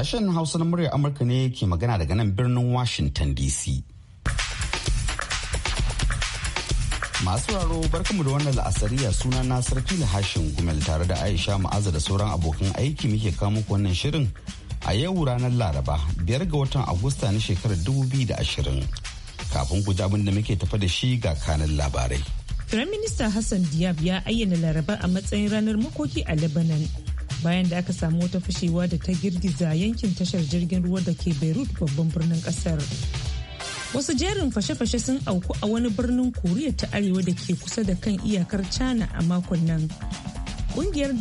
Sashen Hausa na muryar Amurka ne ke magana daga nan birnin Washington DC. Masu raro barkamu da wannan la'asariya suna na sarki hashin gumel tare da Aisha Ma'aza da sauran abokan aiki muke kamo wannan shirin a yau ranar Laraba biyar ga watan Agusta na shekarar 2020. Kafin ku abin da muke tafa da shi ga kanan labarai. Firaminista Hassan Diab ya ayyana Laraba a matsayin ranar makoki a Lebanon bayan da aka samu wata fashewa da ta girgiza yankin tashar jirgin ruwa da ke beirut babban birnin kasar wasu jerin fashe-fashe sun auku a wani birnin koriya ta arewa da ke kusa da kan iyakar china a makon nan kungiyar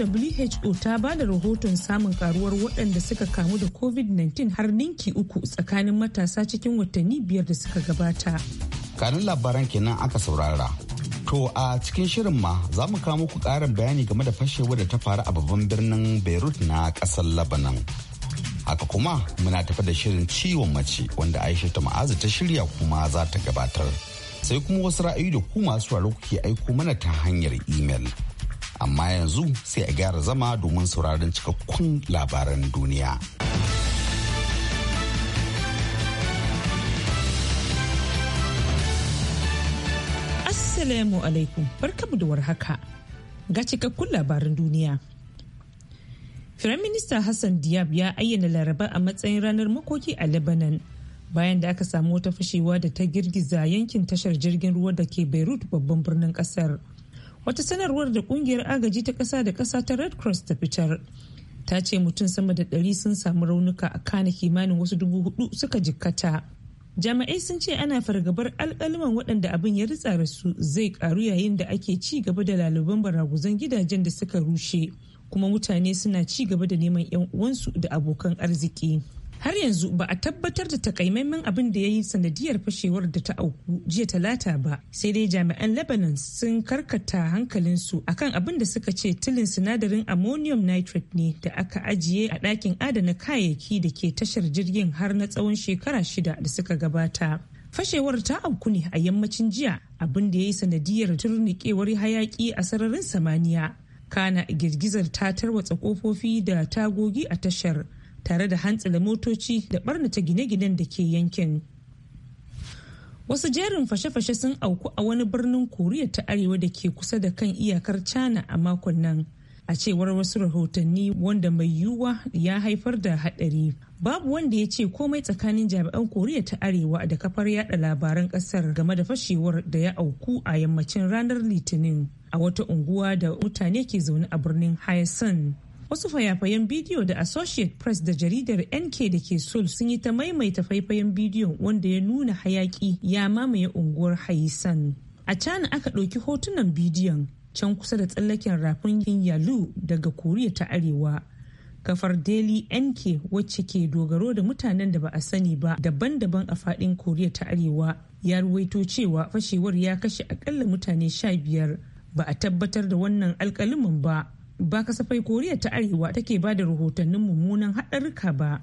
who ta ba da rahoton samun karuwar waɗanda suka kamu da covid-19 har ninki uku tsakanin matasa cikin watanni biyar da suka gabata kanun labaran kenan aka saurara To a cikin shirin ma za mu kawo muku ƙarin bayani game da fashewar da ta faru a babban birnin Beirut na ƙasar Lebanon. Haka kuma muna tafi da shirin ciwon mace wanda Aisha ta ma'azu ta shirya kuma za ta gabatar. Sai kuma wasu ra'ayi da ku masu raro kuke aiko mana ta hanyar imel. Amma yanzu sai a gyara zama domin sauraron cikakkun labaran duniya. Assalamu alaikum barkamu da warhaka ga cikakkun labaran duniya. Firaminista Hassan Diab ya ayyana Laraba a matsayin ranar makoki a Lebanon bayan da aka samu wata fashewa da ta girgiza yankin tashar jirgin ruwa da ke Beirut babban birnin kasar. Wata sanarwar da kungiyar agaji ta ƙasa da ƙasa ta Red Cross ta fitar. Ta ce mutum sama da ɗari sun samu raunuka a kana kimanin wasu dubu hudu suka jikkata. jami'ai sun ce ana fargabar alkaliman waɗanda abin ya ritsa da su zai karu yayin da ake ci gaba da laluban baraguzan gidajen da suka rushe kuma mutane suna ci gaba da neman 'yan uwansu da abokan arziki. har yanzu ba a tabbatar da takaimaimin abin da ya yi sanadiyar fashewar da ta auku jiya talata ba sai dai jami'an lebanon sun karkata hankalinsu akan abin da suka ce tilin sinadarin ammonium nitrate ne da aka ajiye a ɗakin adana kayayyaki da ke tashar jirgin har na tsawon shekara shida da suka gabata fashewar ta auku ne a yammacin jiya abin da ya yi sanadiyar turnikewar hayaki a sararin samaniya kana girgizar ta tarwatsa kofofi da tagogi a tashar tare da hantsila motoci da barnata gine-ginen da ke yankin wasu jerin fashe-fashe sun auku a wani birnin koriya ta arewa da ke kusa da kan iyakar china a makon nan a cewar wasu rahotanni wanda mai yiwuwa ya haifar da hadari babu wanda ya ce komai tsakanin jami'an koriya ta arewa da kafar yada labaran kasar game da fashewar da ya auku a yammacin ranar litinin a wata unguwa da mutane ke zaune a birnin hyacinth wasu fayafayen bidiyo da associate press da jaridar nk da ke seoul sun yi ta maimaita faifayen bidiyo wanda ya nuna hayaki ya mamaye unguwar haisan a cana aka ɗauki hotunan bidiyon can kusa da tsallaken rafin yalu daga koriya ta arewa kafar daily nk wacce ke dogaro da mutanen da ba a sani ba daban-daban a faɗin koriya ta arewa ya ruwaito cewa fashewar ya kashe akalla mutane sha biyar ba a tabbatar da wannan alkalimin ba ba kasafai koriya ta arewa take ba da rahotannin mummunan haɗarurruka ba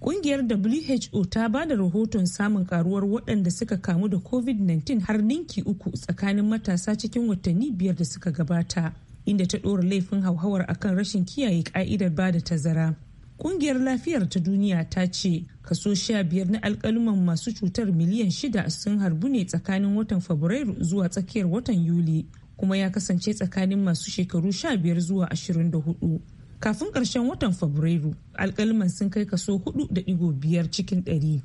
ƙungiyar WHO ta ba da rahoton samun karuwar waɗanda suka kamu da COVID-19 har ninki uku tsakanin matasa cikin watanni biyar da suka gabata, inda ta ɗora laifin hauhawar akan rashin kiyaye ka'idar ba da tazara. ƙungiyar lafiyar ta duniya ta ce kaso sha biyar na alkaluman masu cutar miliyan shida sun harbu ne tsakanin watan Fabrairu zuwa tsakiyar watan Yuli. kuma ya kasance tsakanin masu shekaru sha biyar zuwa ashirin da hudu. Kafin ƙarshen watan Fabrairu, alƙaliman sun kai kaso hudu da biyar cikin 100.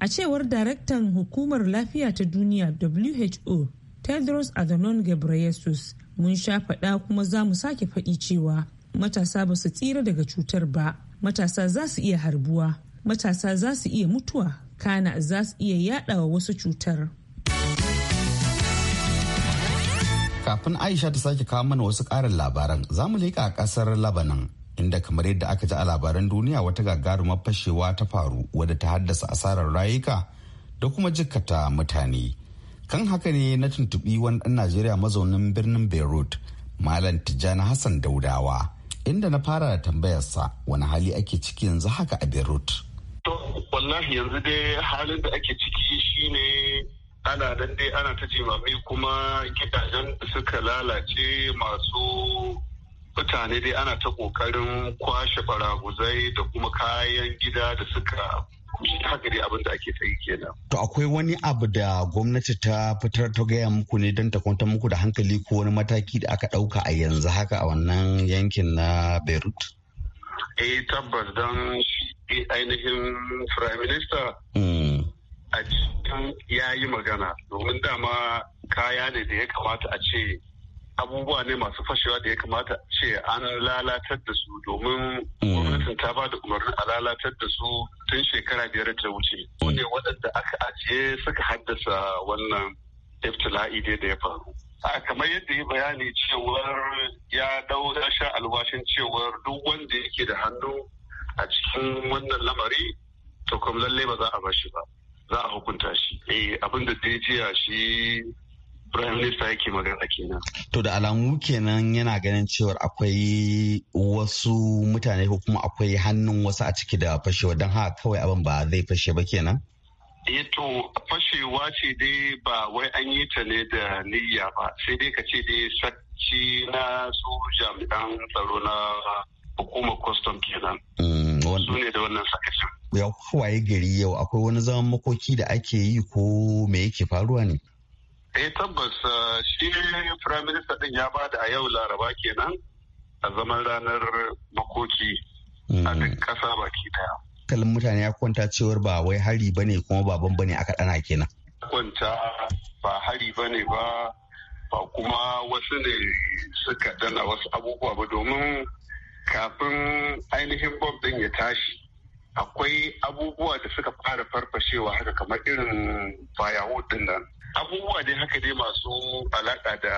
A cewar daraktan hukumar lafiya ta duniya WHO, Tedros Adhanom Ghebreyesus, mun sha faɗa kuma za mu sake faɗi cewa matasa ba su tsira daga cutar ba, matasa za su iya harbuwa, matasa za su iya mutuwa, kana za su iya yaɗawa wasu cutar. Kafin Aisha ta sake kawo mana wasu karin labaran za mu a ƙasar Labanan inda kamar yadda aka ji a labaran duniya wata gagarumar fashewa ta faru wadda ta haddasa asarar rayuka da kuma jikkata mutane. Kan haka ne na tuntuɓi wani ɗan Najeriya mazaunin birnin Beirut, Malam Tijjani Hassan Daudawa, inda na fara da tambayarsa wani hali ake ciki yanzu haka a Beirut. To, wallahi yanzu dai halin da ake ciki shine ana dan dai ana ta jimami kuma gidajen suka lalace masu mutane dai ana ta kokarin kwashe baraguzai da kuma kayan gida da suka haka dai abin da ake ta yi kenan. To akwai wani abu da gwamnati ta fitar ta gaya muku ne don ta kwanta muku da hankali ko wani mataki da aka ɗauka a yanzu haka a wannan yankin na Beirut? Eh tabbas don ainihin Prime Minister hmm. a cikin ya yi magana domin dama kaya ne da ya kamata a ce abubuwa ne masu fashewa da ya kamata a ce an lalatar da su domin mm. gwamnatin ta ba da umarnin a lalatar da su tun shekara biyar ta wuce. Su ne waɗanda aka ajiye suka haddasa wannan iftila'i dai da ya faru. a kamar yadda ya bayani cewar ya dau sha albashin cewar duk wanda yake da hannu a cikin wannan lamari to kuma lallai ba za a bashi ba. za a hukunta shi eh abin da dai jiya shi prime minister yake magana kenan to da alamu kenan yana ganin cewar akwai wasu mutane ko kuma akwai hannun wasu a ciki da fashewa don haka kawai abin ba zai fashe ba kenan eh, to fashewa ce dai ba wai an yi ta ne da niyya ba sai dai ka ce dai sacci na su jami'an tsaro na hukumar custom kenan mm, su ne da wannan sakacin ya waye gari yau akwai wani zaman makoki da ake yi ko me yake faruwa ne eh tabbas ah, shi prime minister din ya bada a yau laraba kenan a zaman ranar makoki a mm. duk kasa baki daya hankalin mutane ya kwanta cewar ba wai hari ba ne kuma baban bane ne aka dana kenan. Kwanta ba hari ba ne ba ba kuma wasu ne suka dana wasu abubuwa ba domin kafin ainihin bob din ya tashi akwai abubuwa da suka fara farfashewa haka kamar irin firewood din nan abubuwa dai haka dai masu alaƙa da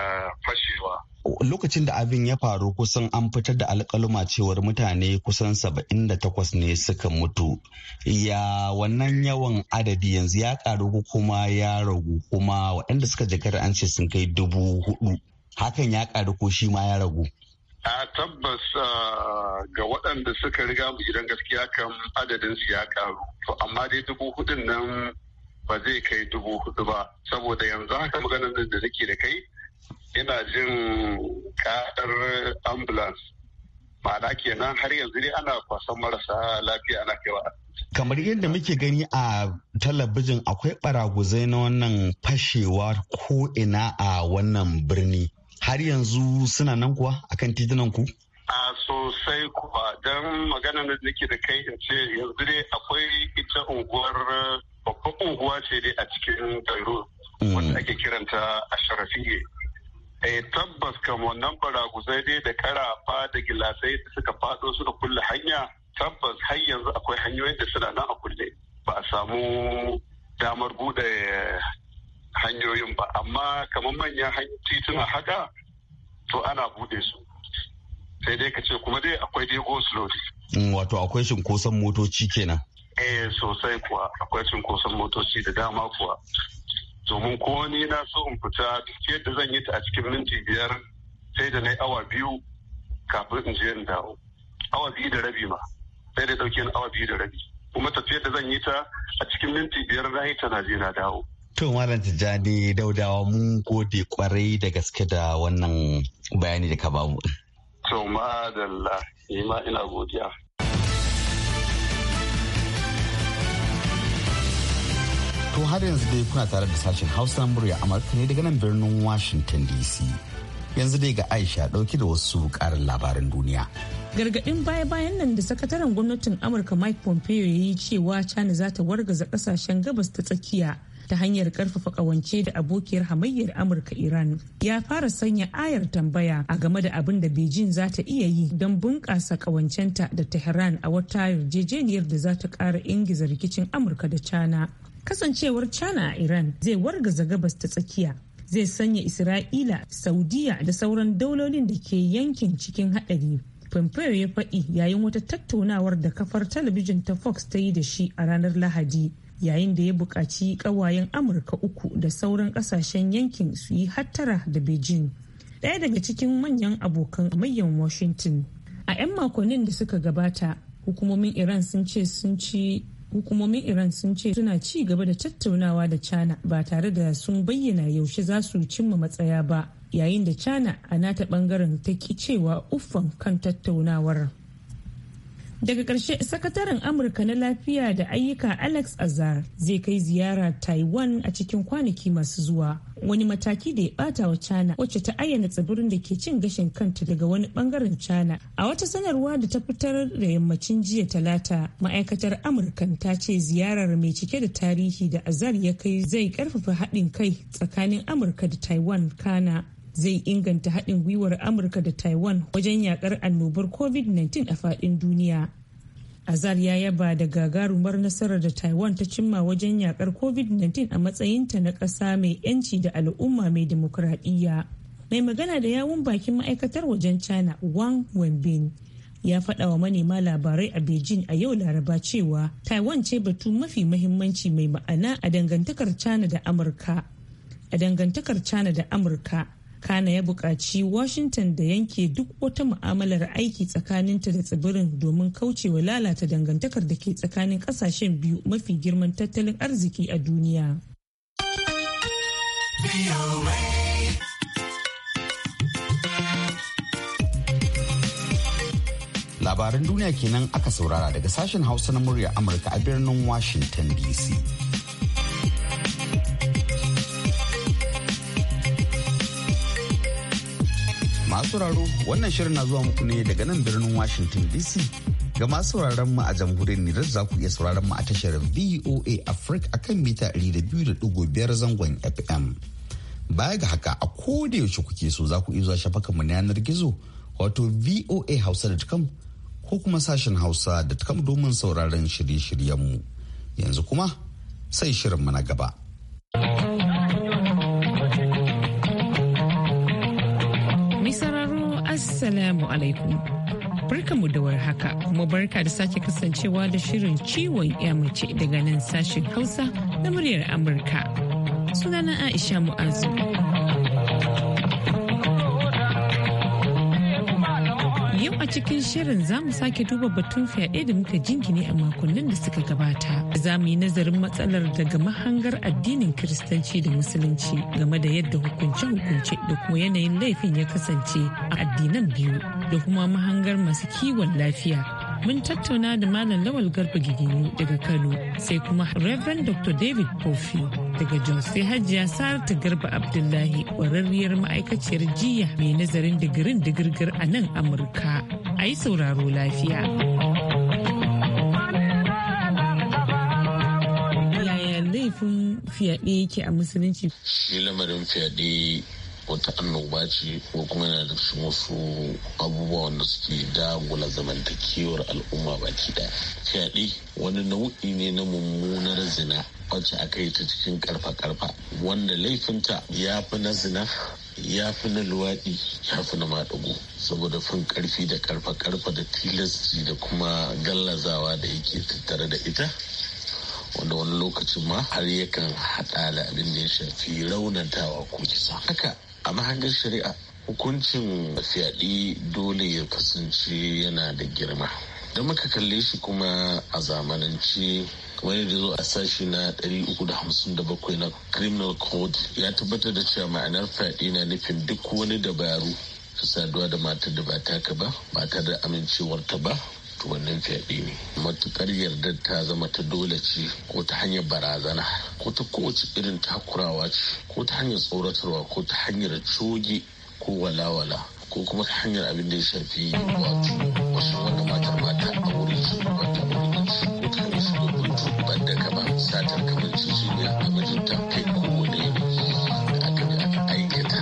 fashewa lokacin da abin ya faru kusan an fitar da alkaluma cewar mutane kusan 78 ne suka mutu ya wannan yawan adadi yanzu ya karu kuma ya ragu kuma waɗanda suka jikar an ce sun kai dubu hudu hakan ya karu ko shi ma ya ragu a tabbas ga waɗanda suka riga mu idan gaskiya kan adadin su ya karu to amma dai dubu hudun nan ba zai kai dubu hudu ba saboda yanzu haka maganar nan da nake da kai ina jin kadar ambulance ma'ana kenan har yanzu dai ana kwasan marasa lafiya ana kaiwa kamar yadda muke gani a talabijin akwai ɓaraguzai na wannan fashewa ko ina a wannan birni har yanzu suna nan kuwa kan titunan ku? A sosai kuwa don magana da nake da kai in ce yanzu dai akwai ita unguwar babban unguwa ce dai a cikin Cairo mm. wanda ake kiranta a sharafiye. Eh tabbas kan wannan baraguzai dai da karafa da gilasai da suka fado suka kulle hanya tabbas har yanzu akwai hanyoyin da suna nan a kulle ba a samu damar bude hanyoyin ba amma kamar manyan tituna haka to ana bude su sai dai ka ce kuma dai akwai dai go mm, wato akwai shinkoson motoci kenan eh sosai kuwa akwai cunkoson motoci da dama kuwa domin ko ni na so in fita duk yadda zan yi ta a cikin minti biyar sai da na yi awa biyu kafin in je in dawo awa biyu da rabi ma sai da dauke awa biyu da rabi kuma tafiyar da zan yi ta a cikin minti biyar na yi ta na je na dawo To Malam Tijjani Daudawa mun gode kwarai da gaske da wannan bayani da ka mu. To madalla, ma ina godiya. To har yanzu dai kuna tare da sashen Hausa murya Amurka ne daga nan birnin Washington DC. Yanzu dai ga Aisha ɗauke da wasu ƙarin labarin duniya. Gargaɗin baya-bayan nan da sakataren gwamnatin Amurka Mike Pompeo ya yi cewa China za ta wargaza ƙasashen gabas ta tsakiya. ta hanyar karfafa kawance da abokiyar hamayyar Amurka Iran ya fara sanya ayar tambaya a game da abin da Beijing za ta iya yi don bunkasa kawancenta da Tehran a wata yarjejeniyar da za ta kara ingiza rikicin Amurka da China. Kasancewar China a Iran zai wargaza gabas ta tsakiya zai sanya Isra'ila, Saudiya da sauran daulolin da ke yankin cikin haɗari. Pompeo ya faɗi yayin wata tattaunawar da kafar talabijin ta Fox ta yi da shi a ranar Lahadi. yayin da ya buƙaci ƙawayen amurka uku da sauran ƙasashen yankin su yi hattara da beijing ɗaya daga cikin manyan abokan manyan washington a 'yan makonnin da suka gabata hukumomin iran sun ce sun ci hukumomin iran sun ce suna ci gaba da tattaunawa da china ba tare da sun bayyana yaushe za su cimma matsaya ba yayin da china a nata bangaren ta ki cewa uffan kan tattaunawar daga ƙarshe sakataren amurka na lafiya da ayyuka alex azar zai kai ziyara taiwan a cikin kwanaki masu zuwa wani mataki da ya bata wa china wacce ta ayyana tsibirin da ke cin gashin kanta daga wani bangaren china a wata sanarwa da ta fitar da yammacin jiya talata ma'aikatar amurkan ta ce ziyarar mai cike da tarihi da azar ya kai zai karfafa haɗin kai tsakanin amurka da taiwan kana zai inganta haɗin gwiwar amurka da taiwan wajen yakar annobar covid-19 a faɗin duniya azar ya yaba da gagarumar nasarar da taiwan ta cimma wajen yakar covid-19 a matsayinta na ƙasa mai 'yanci da al'umma mai demokuraɗiyya mai magana da yawun bakin ma'aikatar wajen china wang wenbin ya faɗa wa manema labarai a beijing a yau laraba cewa taiwan ce batu mafi mahimmanci mai ma'ana a dangantakar china da amurka a dangantakar china da amurka kana ya buƙaci washington da yanke duk wata mu'amalar aiki tsakaninta da tsibirin domin kaucewa lalata dangantakar da ke tsakanin ƙasashen biyu mafi girman tattalin arziki a duniya labaran duniya kenan aka saurara daga sashen hausa na murya amurka a birnin washington dc Masu sauraro wannan shirin na zuwa muku ne daga nan birnin Washington DC. Ga masu sauraron mu a jamhuriyar Nijar za ku iya sauraron mu a tashar VOA Africa akan mita 200.5 zangon FM. Baya ga haka a koda yaushe kuke so za ku iya zuwa shafakan na yanar gizo wato voa hausa.com ko kuma sashen hausa.com domin sauraron shirye shiryen mu yanzu kuma sai mu na gaba. Mai sauraro Assalamu alaikum. Barka mu da haka kuma barka da sake kasancewa da shirin ciwon mace daga nan sashen Hausa na muryar Amurka. Sunana Aisha Mu'azu. a cikin shirin za mu sake duba batun fyaɗe da muka jingine a makonnin da suka gabata. Za mu yi nazarin matsalar daga mahangar addinin Kiristanci da Musulunci game da yadda hukunce-hukunce da kuma yanayin laifin ya kasance a addinan biyu da kuma mahangar masu kiwon lafiya mun tattauna da Malam Lawal Garba Gigini daga Kano sai kuma Reverend Dr. David Kofi daga Jos sai Hajiya Saratu Garba Abdullahi ƙwararriyar ma'aikaciyar jiya mai nazarin digirin digirgir a nan Amurka. A yi sauraro lafiya. Yaya laifin fiyaɗe yake a musulunci? Shi lamarin fiyaɗe wata annoba ce ko kuma yana da shi wasu abubuwa wanda suke dagula zamantakewar al'umma baki daya fyaɗe wani nau'i ne na mummunar zina wacce aka yi ta cikin karfa-karfa wanda laifinta ya fi na zina ya fi na luwaɗi ya fi na maɗugu saboda fin karfi da karfa-karfa da tilasti da kuma gallazawa da yake tattare da ita wanda wani lokacin ma har yakan haɗa da abin da ya shafi raunantawa ko kisa haka a mahangar shari'a hukuncin fyaɗe dole ya kasance yana da girma da muka kalle shi kuma a zamanance wani da zo a sashi na 357 na criminal code ya tabbatar da cewa ma'anar fyaɗe na nufin duk wani dabaru saduwa da matar da ba taka ba ba tare da amincewarta ba to wannan fyaɗe ne matukar yarda ta zama ta dole ce ko ta hanyar barazana ko ta kowace irin takurawa ce ko ta hanyar tsoratarwa ko ta hanyar coge ko walawala ko kuma ta hanyar abin da ya shafi wato wasu wanda matar mata a wurin su wata wurin su ko ta hanyar su da buntu ba da kaba satar kamar ciciniya da ta kai kowane yanayi aka aikata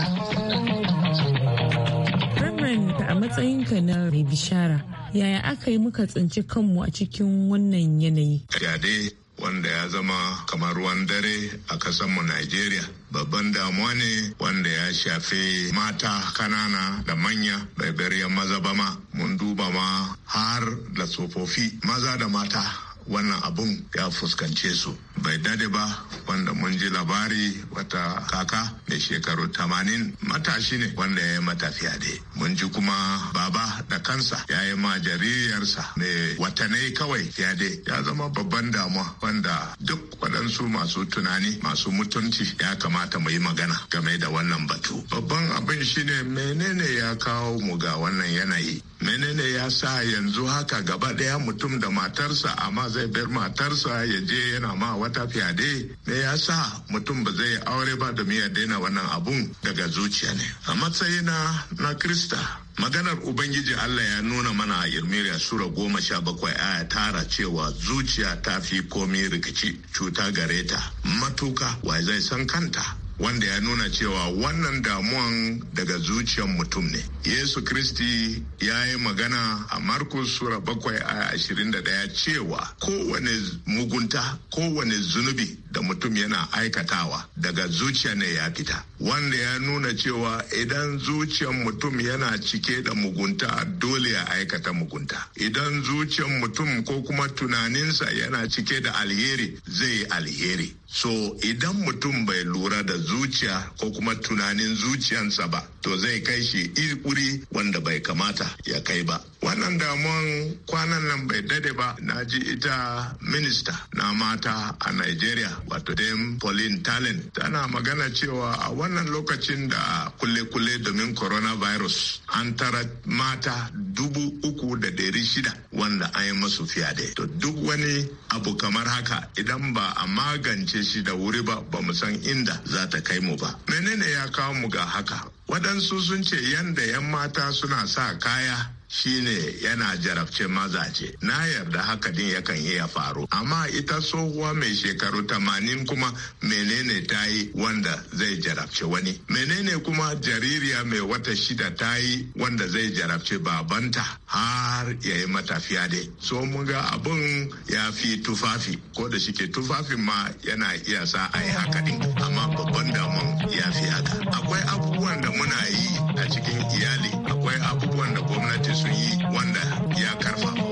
a matsayinka na bishara yaya aka yi muka tsinci kanmu a cikin wannan yanayi dade wanda ya zama kamar ruwan dare a kasanmu Najeriya. Babban damuwa ne wanda ya shafe mata kanana da manya bai maza ba ma mun duba ma har da tsofaffi maza da mata wannan abun ya fuskance su bai dade ba wanda mun ji labari wata kaka mai shekaru tamanin matashi ne wanda ya yi matafiya dai mun ji kuma baba da kansa ya yi ma jaririyarsa mai watanai kawai ya dai ya zama babban damuwa wanda duk waɗansu masu tunani masu mutunci ya kamata mu yi magana game da wannan batu babban abin tambayan shine menene ya kawo mu ga wannan yanayi menene ya sa yanzu haka gaba ɗaya mutum da matarsa amma zai bar matarsa ya je yana ma wata fyade me ya sa mutum ba zai aure ba da ya daina wannan abun daga zuciya ne a matsayina na krista Maganar Ubangiji Allah ya nuna mana a Irmiriya Sura goma sha bakwai aya tara cewa zuciya ta fi komi rikici cuta gareta. matuka wai zai san kanta wanda ya nuna cewa wannan damuwan daga zuciyar mutum ne. Yesu Kristi ya yi magana a Markus Sura bakwai a ashirin da daya cewa kowane mugunta kowane zunubi da mutum yana aikatawa daga zuciya ne ya fita. Wanda ya nuna cewa idan zuciyar mutum yana cike da mugunta dole ya aikata mugunta. Idan zuciyar mutum ko kuma tunaninsa yana cike da alheri zai yi alheri. So idan mutum bai lura da zuciya ko kuma tunanin zuciyansa ba, to zai kai shi irkuri wanda bai kamata ya kai ba. Wannan damuwan kwanan nan bai dade ba na ji ita minista na mata a Nigeria wato dem Pauline Talent tana magana cewa a wannan lokacin da kule-kule domin coronavirus an tara mata dubu uku da dari shida wanda an yi masu fiyade. To duk wani abu kamar haka idan ba a magance shi da wuri ba ba mu san inda za ta kai mu ba menene ya kawo mu ga haka waɗansu sun ce yanda 'yan mata suna sa kaya shine yana jarabce mazaje na yarda haka din yakan iya faru amma ita tsohuwa mai shekaru tamanin kuma menene ta yi wanda zai jarabce wani menene kuma jaririya mai wata shida ta yi wanda zai jarabce babanta har ya yi matafiya dai so mun ga abun ya fi tufafi ko da shike tufafin ma yana iya sa a yi haka din amma babban damun ya fi haka akwai abubuwan da muna yi a cikin iyali akwai abubuwan da gwamnati sun yi wanda ya karfafa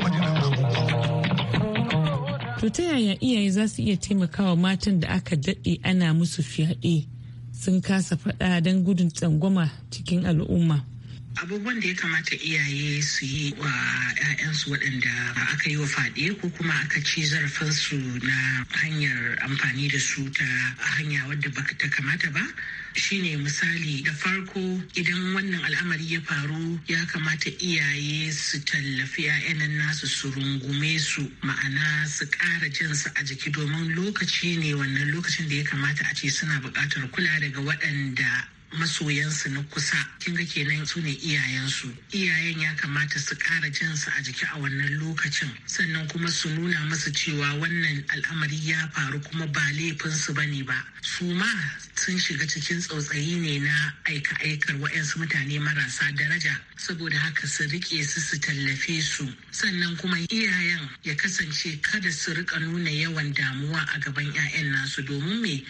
To ta yaya iyaye za su iya taimakawa matan da aka daɗe ana musu fyaɗe sun kasa faɗa don gudun tsangwama cikin al'umma? abubuwan da ya kamata iyaye su yi wa 'ya'yansu waɗanda aka yi wa faɗe ko kuma aka ci zarafinsu na hanyar amfani da su ta hanya wadda ba ta kamata ba shine misali da farko idan wannan al'amari ya faru ya kamata iyaye su tallafi 'ya'yan nasu su rungume su ma'ana su ƙara jinsu a jiki domin lokaci ne wannan lokacin da ya kamata a ce suna buƙatar kula daga waɗanda masoyansu na kusa kin ga kenan su ne iyayensu iyayen ya kamata su ƙara jinsu a jiki a wannan lokacin sannan kuma su nuna musu cewa wannan al'amari ya faru kuma ba laifinsu ba ne ba su ma sun shiga cikin tsautsayi ne na aika-aikar wa'yansu mutane marasa daraja saboda haka su rike su su tallafe su sannan kuma iyayen ya kasance kada su rika nuna yawan damuwa a gaban 'ya'yan nasu domin me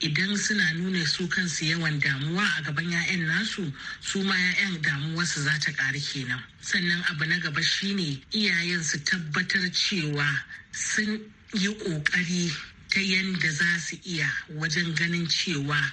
idan suna nuna su kansu yawan damuwa a gaban 'ya'yan nasu su ma 'ya'yan damuwarsu za ta ƙari kenan sannan abu na gaba shine iyayen su tabbatar cewa sun yi ƙoƙari ta yanda za su iya wajen ganin cewa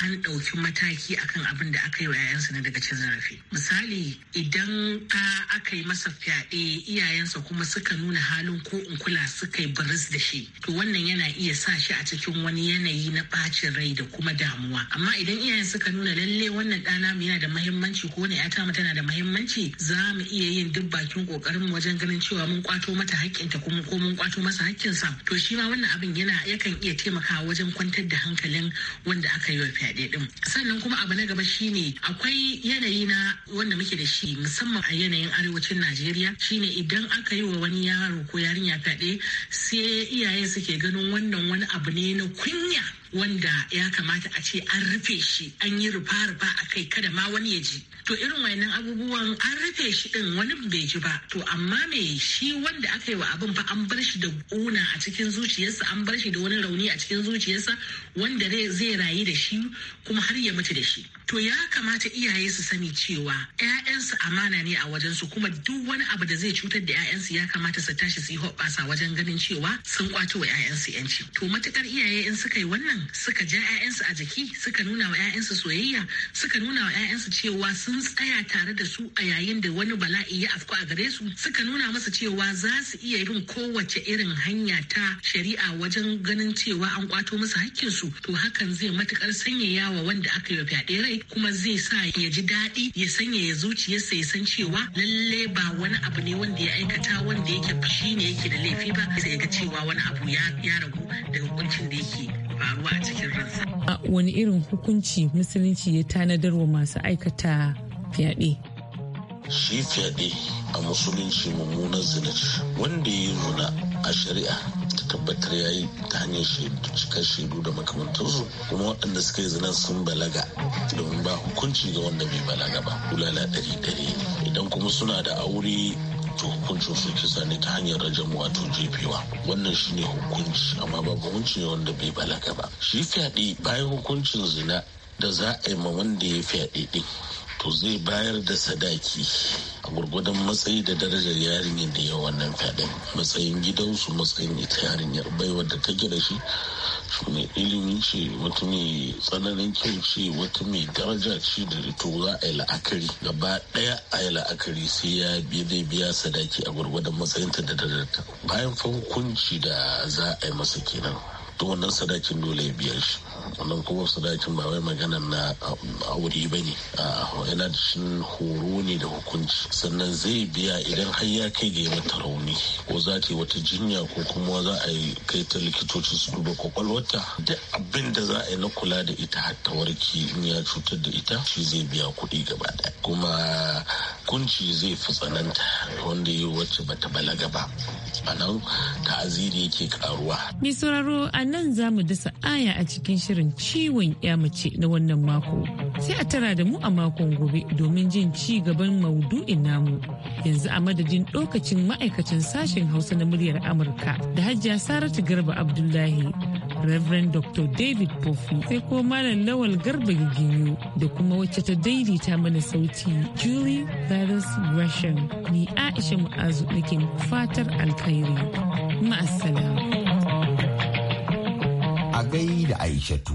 an ɗauki mataki akan abin da aka yi wa 'ya'yansa na daga cin zarafi misali idan ka aka yi masa fyaɗe iyayensa kuma suka nuna halin ko in kula suka yi baris da shi to wannan yana iya sa shi a cikin wani yanayi na ɓacin rai da kuma damuwa amma idan iyayen suka nuna lalle wannan ɗana mu yana da mahimmanci ko wani 'yata mu tana da mahimmanci za mu iya yin duk bakin ƙoƙarin mu wajen ganin cewa mun kwato mata haƙƙinta kuma ko mun kwato masa haƙƙinsa to shi ma wannan abin yana yakan iya taimakawa wajen kwantar da hankalin wanda aka yi wa fyaɗe ɗin sannan kuma abu na gaba shine akwai yanayi na wanda muke da shi musamman a yanayin arewacin najeriya shine idan aka yi wa wani yaro ko yarinya fyaɗe sai iyaye suke ganin wannan wani abu ne na kunya wanda ya kamata a ce an rufe shi an yi rufa-rufa a kai kada ma wani ya ji to irin wayannan abubuwan an rufe shi din wani bai ji ba to amma me shi wanda aka yi wa abin fa an bar shi da ƙuna a cikin zuciyarsa an bar shi da wani rauni a cikin zuciyarsa wanda zai rayu da shi kuma har ya mutu da shi to ya kamata iyaye su sani cewa ƴaƴansu amana ne a wajensu kuma duk wani abu da zai cutar da ƴaƴansu ya kamata su tashi su yi hoɓɓasa wajen ganin cewa sun kwato wa ƴaƴansu 'yanci to matukar iyaye in suka yi wannan suka ja 'ya'yansu a jiki suka nuna wa 'ya'yansu soyayya suka nuna wa 'ya'yansu cewa sun tsaya tare da su a yayin da wani bala'i ya afku a gare su suka nuna masa cewa za su iya bin kowace irin hanya ta shari'a wajen ganin cewa an kwato masa hakkinsu to hakan zai matukar sanyaya wa wanda aka yi fyaɗe rai kuma zai sa ya ji daɗi ya sanyaya zuciyarsa ya san cewa lalle ba wani abu ne wanda ya aikata wanda yake fushi ne yake da laifi ba sai ga cewa wani abu ya ragu daga hukuncin da yake faruwa a cikin ransa. Wani irin hukunci musulunci ya tanadar wa masu aikata fyaɗe? Shi fyaɗe a musulunci mummunan zinaci wanda ya yi zuna a shari'a ta tabbatar ya yi ta hanyar cikar shaidu da makamantarsu kuma waɗanda suka yi zina sun balaga domin ba hukunci ga wanda bai balaga ba bulala ɗari ɗari idan kuma suna da aure to hukuncin su kisa ne ta hanyar rajin wato jefewa wannan shine hukunci amma ba hukunci ne wanda bai balaga ba shi fyaɗe bayan hukuncin zina da za a yi ma wanda ya fyaɗe ɗin to zai bayar da sadaki a gurgudan matsayi da darajar yarinyar da yawan wannan fyaɗen matsayin gidansu matsayin ita yarinyar baiwar da take da shi mai ilimi ce wata mai tsananin kyau ce wata mai daraja ce da to za a yi la'akari gaba ɗaya a yi la'akari sai ya biya biya sadaki a gwargwadon matsayinta da dadarta bayan fa hukunci da za a yi masa kenan to wannan sadakin dole ya biya shi wannan kuma sadakin ba wai magana na aure ba ne yana da shin horo ne da hukunci sannan zai biya idan har ya kai ga mata rauni ko za ta yi wata jinya ko kuma za a yi kai ta likitocin su duba kwakwalwata da abin da za a yi na kula da ita har ta warke in ya cutar da ita shi zai biya kuɗi gaba ɗaya kuma kunci zai fi tsananta wanda yi wacce bata balaga ba a nan aziri yake karuwa. Mai sauraro a nan za mu dasa aya a cikin shirin ciwon ya mace na wannan mako. Sai a tara da mu a makon gobe domin jin ci gaban maudu'in namu. Yanzu a madadin ɗokacin ma'aikacin sashen Hausa na muryar Amurka da Hajiya Saratu Garba Abdullahi. Reverend Dr. David Pofi sai ko Malam Lawal Garba Gigiyo da kuma wacce ta daidaita mana sauti Julie Virus Gresham ni Aisha Mu'azu nake fatar alkhairi. Ma'assalam. A gaida da Aishatu.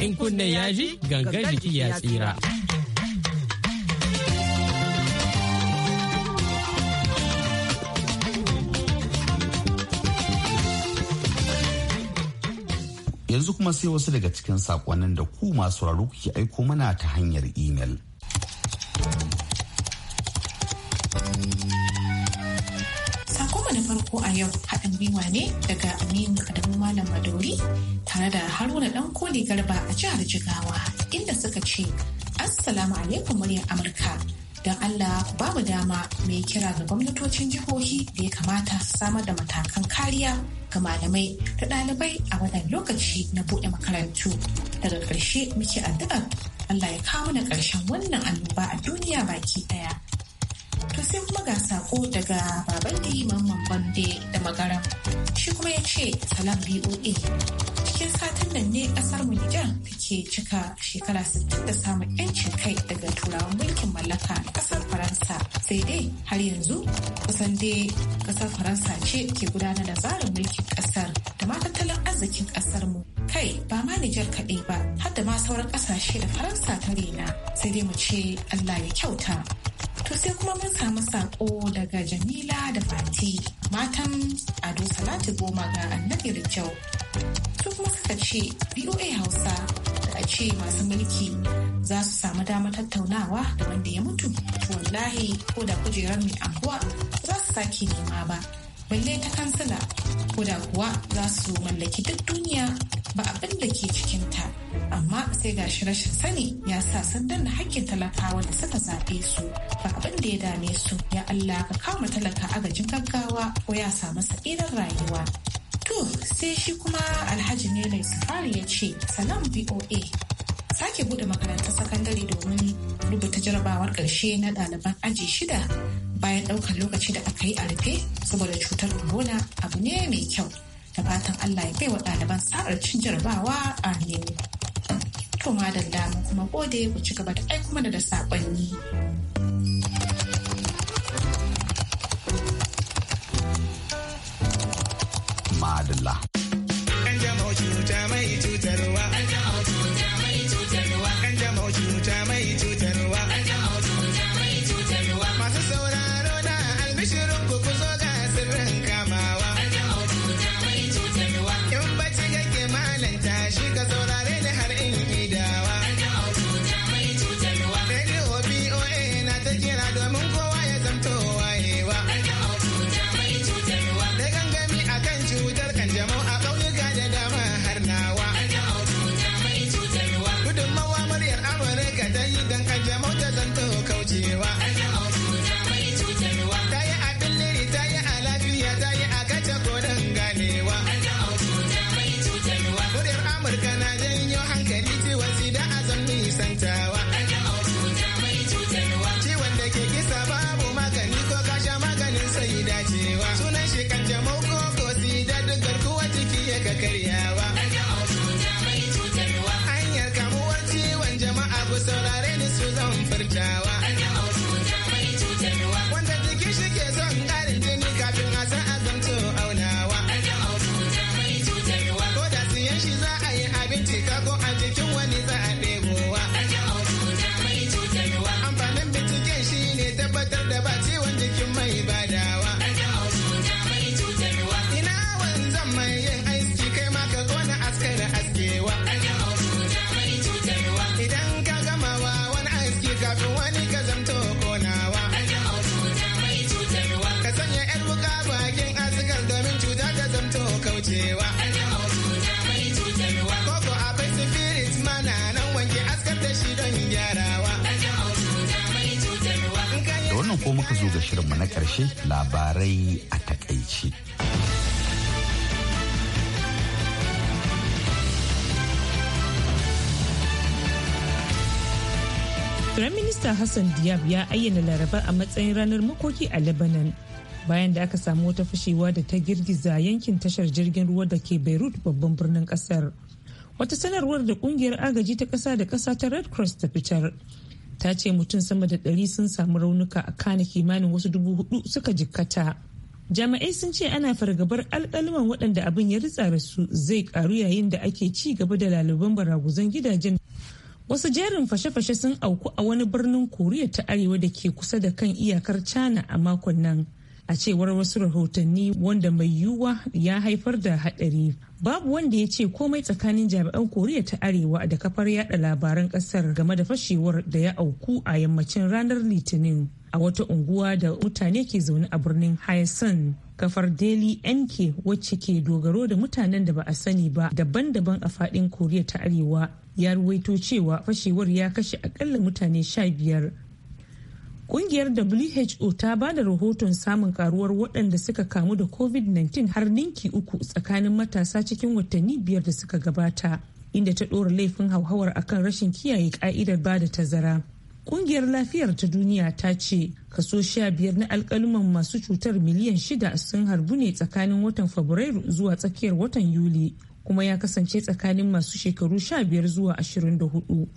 in kunne ya ji gangan jiki ya tsira. Yanzu kuma sai wasu daga cikin saƙonnin da ku masu kuke aiko mana ta hanyar imel. Ko a yau haɗin gwiwa ne daga Aminu Adamu Malam Madori tare da Haruna Dan Koli Garba a jihar Jigawa inda suka ce Assalamu alaikum muryar Amurka. Don Allah ku ba mu dama mai kira ga gwamnatocin jihohi da ya kamata su samar da matakan kariya ga malamai da ɗalibai a wannan lokaci na buɗe makarantu. Daga ƙarshe muke addu'ar Allah ya kawo na ƙarshen wannan annoba a duniya baki ɗaya. To sai kuma ga sako daga baban da mamman Bande da magaran Shi kuma ya ce salam BOA. Cikin satin nan ne kasar mu Nijar take cika shekara 60 da samun 'yancin kai daga turawan mulkin mallaka na kasar Faransa. Sai dai har yanzu kusan dai kasar Faransa ce ke gudanar da tsarin mulkin kasar da ma tattalin arzikin kasar mu. Kai ba ma Nijar kaɗai ba har da ma sauran ƙasashe da Faransa ta rena. Sai dai mu ce Allah ya kyauta. To sai kuma mun samu saƙo daga Jamila da Fati matan Ado Salatu Goma ga Annabi Rijau. Su kuma suka ce VOA Hausa da a ce masu mulki za su samu damar tattaunawa da wanda ya mutu. To wallahi ko da kujerar mai anguwa za su sake nema ba. Balle ta kansila ko da kuwa za su mallaki duk duniya ba abin da ke cikinta amma sai ga shi rashin sani ya sa sun danna hakkin talakawa da suka zaɓe su ba abin da ya dame su ya Allah ka kama talaka agajin gaggawa ko ya samu idan rayuwa to sai shi kuma alhaji ne mai safari ya ce salam voa sake bude makarantar sakandare domin rubuta jarabawar ƙarshe na ɗaliban aji shida bayan ɗaukar lokaci da aka yi a rufe saboda cutar corona abu ne mai kyau da fatan Allah ya bai wa ɗaliban sa'ar cin jarabawa amin. To da dama kuma gode ku ci gaba da aiko mana da saƙonni. Madalla. An jama'o cuta mai cutarwa. An jama'o cuta mai cutarwa. An jama'o cuta mai cutarwa. Now muka zo ga shirinmu na ƙarshe labarai a takaice. Firaminista Hassan Diab ya ayyana Laraba a matsayin ranar makoki a Lebanon bayan da aka samu wata fashewa da ta girgiza yankin tashar jirgin ruwa da ke Beirut babban birnin kasar. Wata sanarwar da kungiyar agaji ta kasa da kasa ta Red Cross ta fitar ta ce mutum sama da ɗari sun samu raunuka a kana kimanin wasu dubu hudu suka jikkata jami'ai sun ce ana fargabar alkaliman waɗanda abin ya ritsa da su zai karu yayin da ake ci gaba da laluban baraguzan gidajen wasu jerin fashe-fashe sun auku a wani birnin koriya ta arewa da ke kusa da kan iyakar china a makon nan a cewar wasu rahotanni wanda mai yiwuwa ya haifar da haɗari. Babu wanda ya ce komai tsakanin jami'an Koriya ta Arewa da kafar yada labaran ƙasar game da fashewar da ya auku a yammacin ranar Litinin a wata unguwa da mutane ke zaune a birnin Hyacinth. kafar daily nk wacce ke dogaro da mutanen da ba a sani ba daban-daban a fadin koriya ta arewa ya ruwaito cewa fashewar ya kashe akalla mutane sha biyar Kungiyar WHO ta ba da rahoton samun karuwar waɗanda suka kamu da COVID-19 har ninki uku tsakanin matasa cikin watanni biyar da suka gabata, inda ta ɗora laifin hauhawar akan rashin kiyaye ka'idar ba da tazara. Kungiyar lafiyar ta duniya ta ce kaso sha biyar na alkaluman masu cutar miliyan shida sun harbu ne tsakanin watan Fabrairu zuwa tsakiyar watan Yuli, kuma ya kasance tsakanin masu shekaru sha biyar zuwa ashirin da hudu.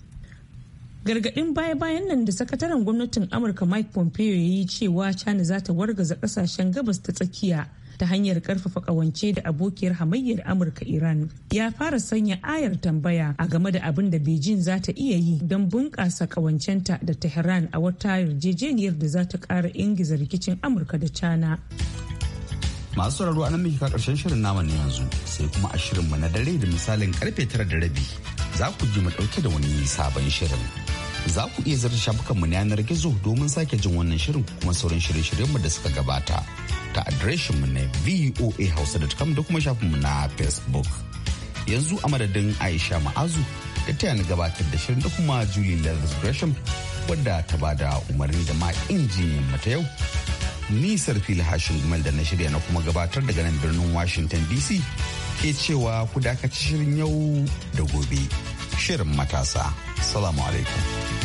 gargaɗin baya-bayan nan da sakataren gwamnatin amurka mike pompeo ya yi cewa china za ta wargaza ƙasashen gabas ta tsakiya ta hanyar karfafa kawance da abokiyar hamayyar amurka iran ya fara sanya ayar tambaya a game da abin da beijing za ta iya yi don bunƙasa kawancenta da tehran a wata yarjejeniyar da za ta ƙara ingiza rikicin amurka da china masu sauraro anan muke karshen shirin naman ne yanzu sai kuma a shirinmu na dare da misalin karfe tara da rabi za ku ji mu dauke da wani sabon shirin za ku iya shafukan shafukanmu na yanar gizo domin sake jin wannan shirin kuma sauran shirye-shiryenmu da suka gabata ta adireshinmu na voahausa.com da kuma shafinmu na facebook yanzu a madadin aisha ma'azu da ta yana gabatar da shirin da kuma julie leathers gresham wadda ta ba da umarni da ma injiniyan mata yau nisar fili hashin gumel da na shirya na kuma gabatar daga nan birnin washington dc ke cewa ku dakaci shirin yau da gobe shirin matasa Salam alaikum.